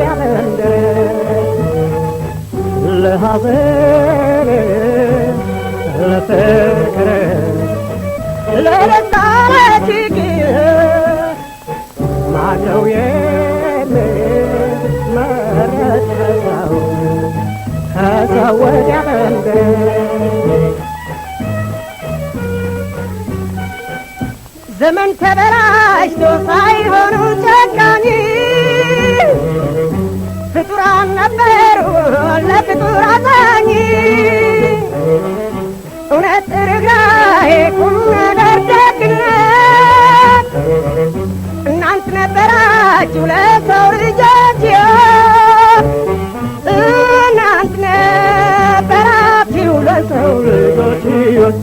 ለዚያ መንደር ለሐዘን ዘመን ተበላሽቶ ሳይሆኑ ጨካኝ ለከበሩ ለፍጡር አዛኝ እውነት ቁም ነገር ደግነት እናንት ነበራችሁ ለሰው ልጆች እናንት ነበራችሁ ለሰው ልጆች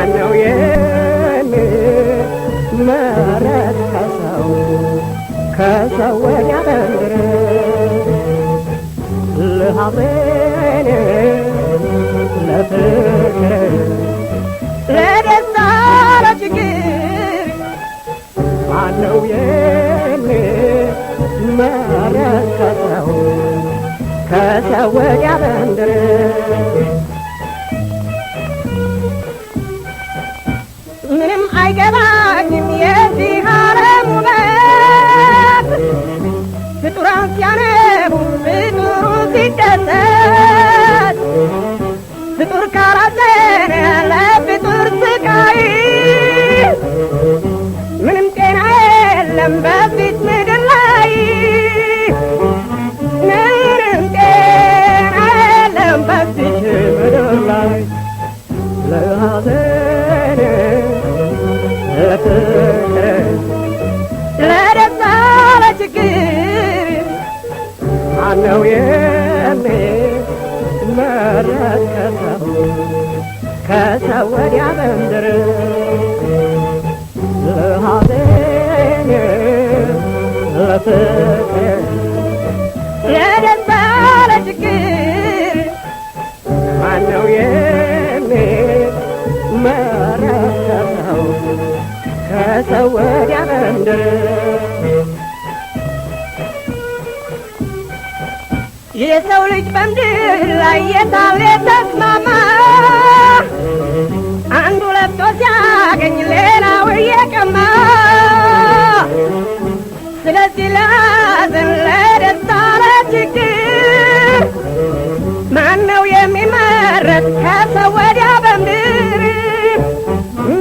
ማነው የኔ ምህረት ከሰው ከሰው ወዲያ ከለም በፊት ምድር ላይ ምንም ጤና የለም በፊት ምድር ላይ ለሐዘን ለፍቅር ለደስታ ለችግር አነው የሚመረከተው ከሰው ወዲያ በምድር በፍቅር የደስታ ለችግር ማነው የሚል መረከሰው ከሰው ወዲያ በምድር የሰው ልጅ በምድር ላይ የታለ ተስማማ አንዱ ለብቶ ሲያገኝ ሌላው እየቀማ ለዚህ ላዘን ለደስታ ለችግር ማነው የሚመረት ከሰው ወዲያ በምድር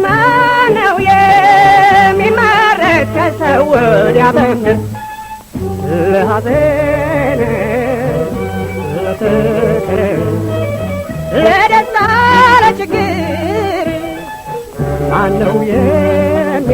ማነው የሚመረት ከሰው ወዲያ በምድር ለሐዘን ለፍቅር ለደስታ ለችግር ማነው የሚ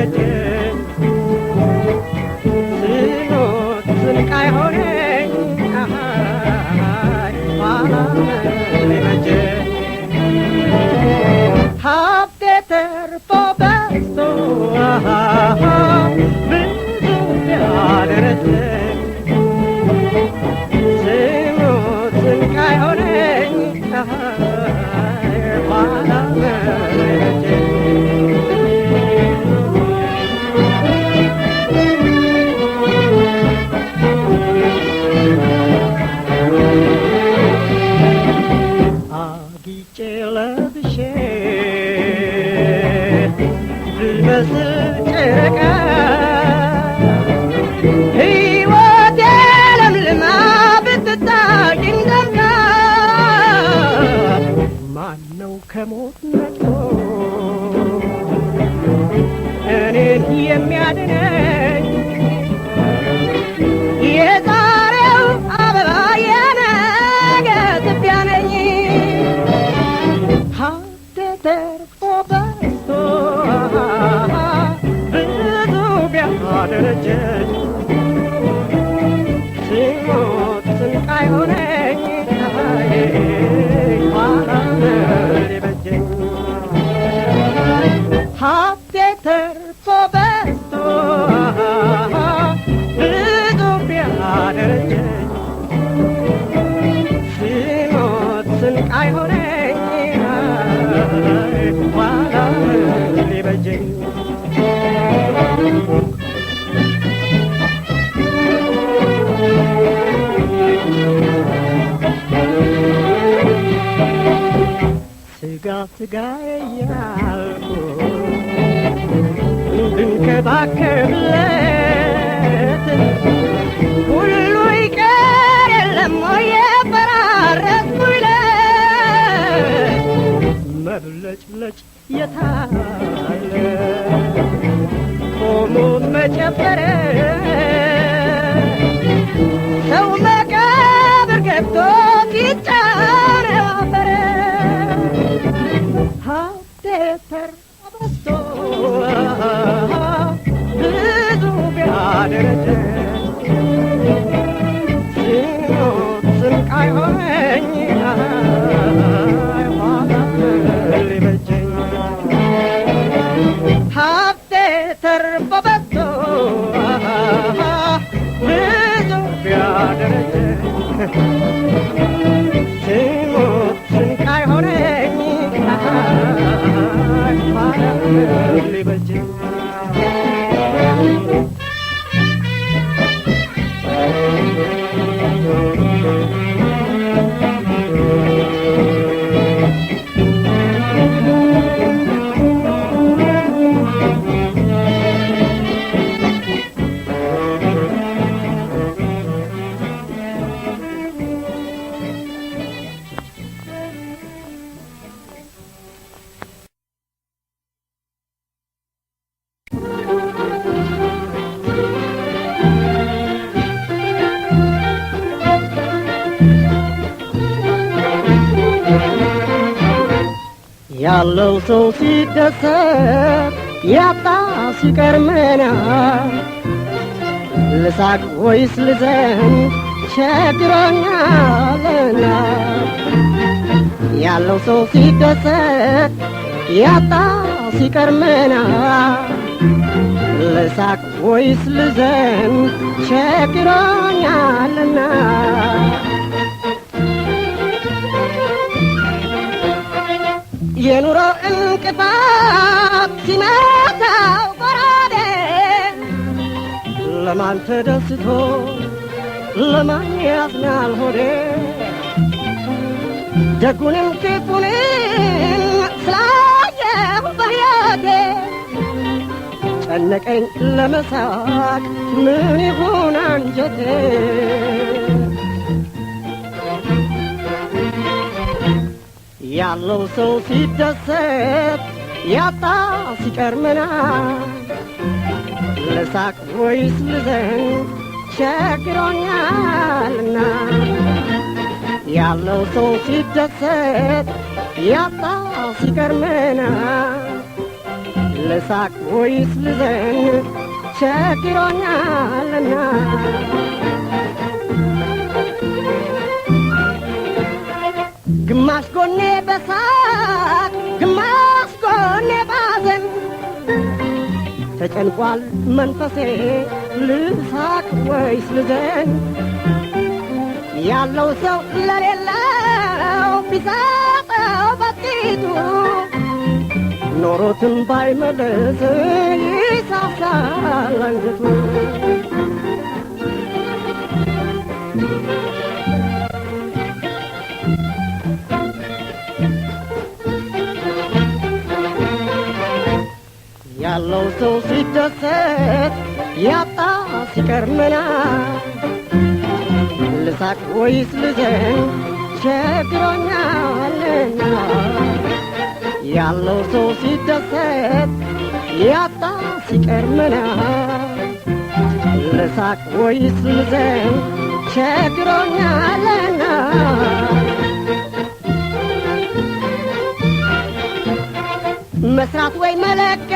Yeah. ተርፎ በርቶ ብዙ ቢያደረጀኝ Cigarro, cigarro, cigarro, cigarro, ያለው ሰው ሲደሰት ያጣ ሲቀርመና ልሳቅ ወይስ ልዘን ቸግሮኛለና ያለው ሰው ሲደሰት ያጣ ሲቀርመና ልሳቅ ወይስ ልዘን ቸግሮኛለና የኑሮ እንቅፋት ሲመታው ጎራዴ ለማን ተደስቶ ለማን ያዝናል ሆዴ ደጉንም ክፉንም ስላየሁ በሕይወቴ ጨነቀኝ ለመሳቅ ምን ይሁን አንጀቴ ያለው ሰው ሲደሰት ያጣ ሲቀርምና ለሳቅ ወይስ ልዘን ቸግሮኛልና ያለው ሰው ሲደሰት ያጣ ሲቀርምና ለሳቅ ወይስ ልዘን ቸግሮኛልና ግማሽ ጎኔ በሳቅ ግማሽ ጎኔ ባዘን ተጨንቋል መንፈሴ ልሳቅ ወይስ ልዘን ያለው ሰው ለሌለው ቢሰጠው በቂቱ ኖሮትን ባይመለስ ይሳሳል አንጀቱ ያለው ሰው ሲደሰት ያጣ ሲቀርምና ልሳቅ ወይስ ልዘን ቸግሮኛልና ያለው ሰው ሲደሰት ያጣ ሲቀርምና ልሳቅ ወይስ ልዘን ቸግሮኛልና መስራት ወይ መለቀ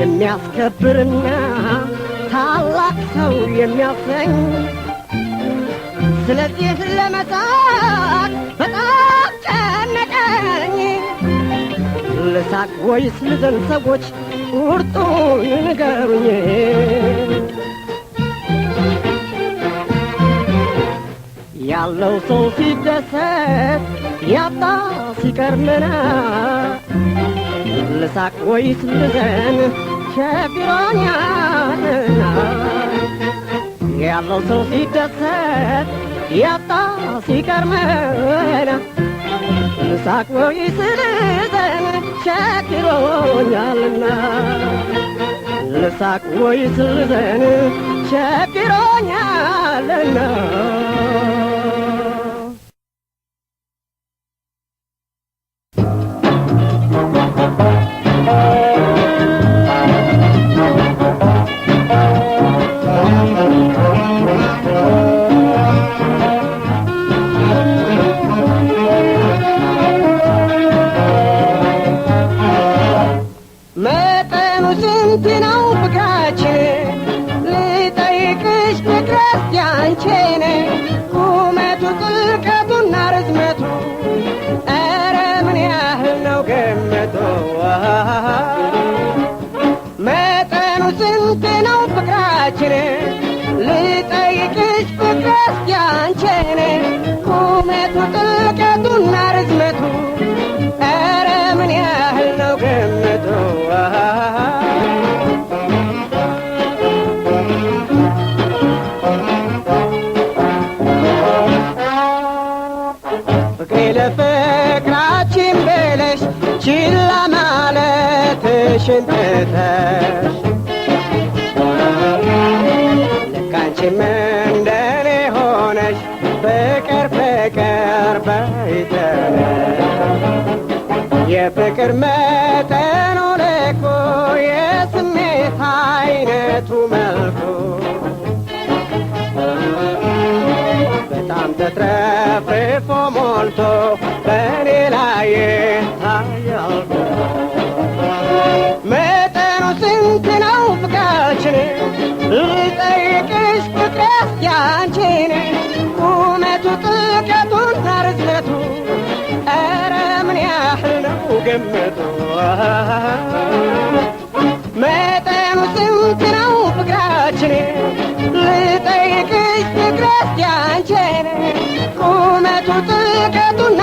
የሚያስከብርና ታላቅ ሰው የሚያሰኝ ስለዚህ ለመሳቅ በጣም ጨነቀኝ። ልሳቅ ወይስ ልዘን? ሰዎች ቁርጡን ንገሩኝ። ያለው ሰው ሲደሰት ያጣ ሲቀርምና ልሳቅ ወይስ ልዘን ሸግሮን ያልና ያለው ሰው ሲደሰት ያጣ ሲቀርመን ልሳቅ ወይስ ልዘን ሸግሮኛልና ልሳቅ ወይስ ልዘን ሸግሮኛልና üç bucak yan የፍቅር መጠኑ ልኩ የስሜት አይነቱ መልኩ በጣም ተትረፍርፎ ሞልቶ በእኔ ላይ ታያል መጠኑ ስንት ነው ፍቅራችን ልጠይቅሽ ፍቅሬስ ያንቺን ቁመቱ ጥልቀቱና ርዝመቱ ገምቱ መጠኑ ስንት ነው ፍቅራችን? ልጠይቅሽ ያንቼን ቁመቱ ጥልቀቱና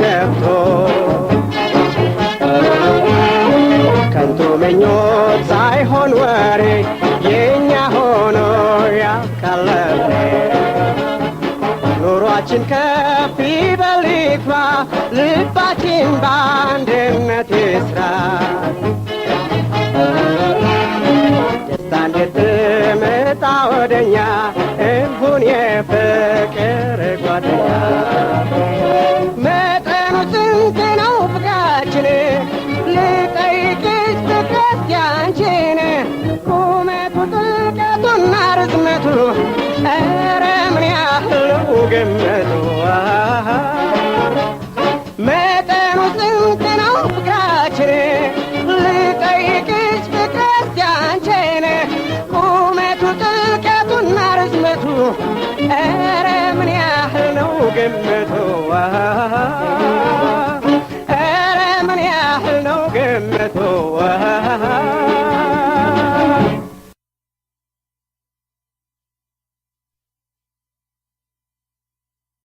ገብቶ ከንቱ መኞት ሳይሆን ወሬ የእኛ ሆኖ ያካለፍ ኑሯችን ከፍ ይበል ይግባ፣ ልባችን በአንድነት ይስራ። ደስታ እንድትመጣ ወደኛ እሁን የፍቅር ጓደኛ ገመቶ መጠኑ ስንት ነው ፍቅራችን? ልጠይቅሽ ፍቅርስ ያንቺን ቁመቱ ጥልቀቱና ርዝመቱ ኧረ ምን ያህል ነው ገመቶ!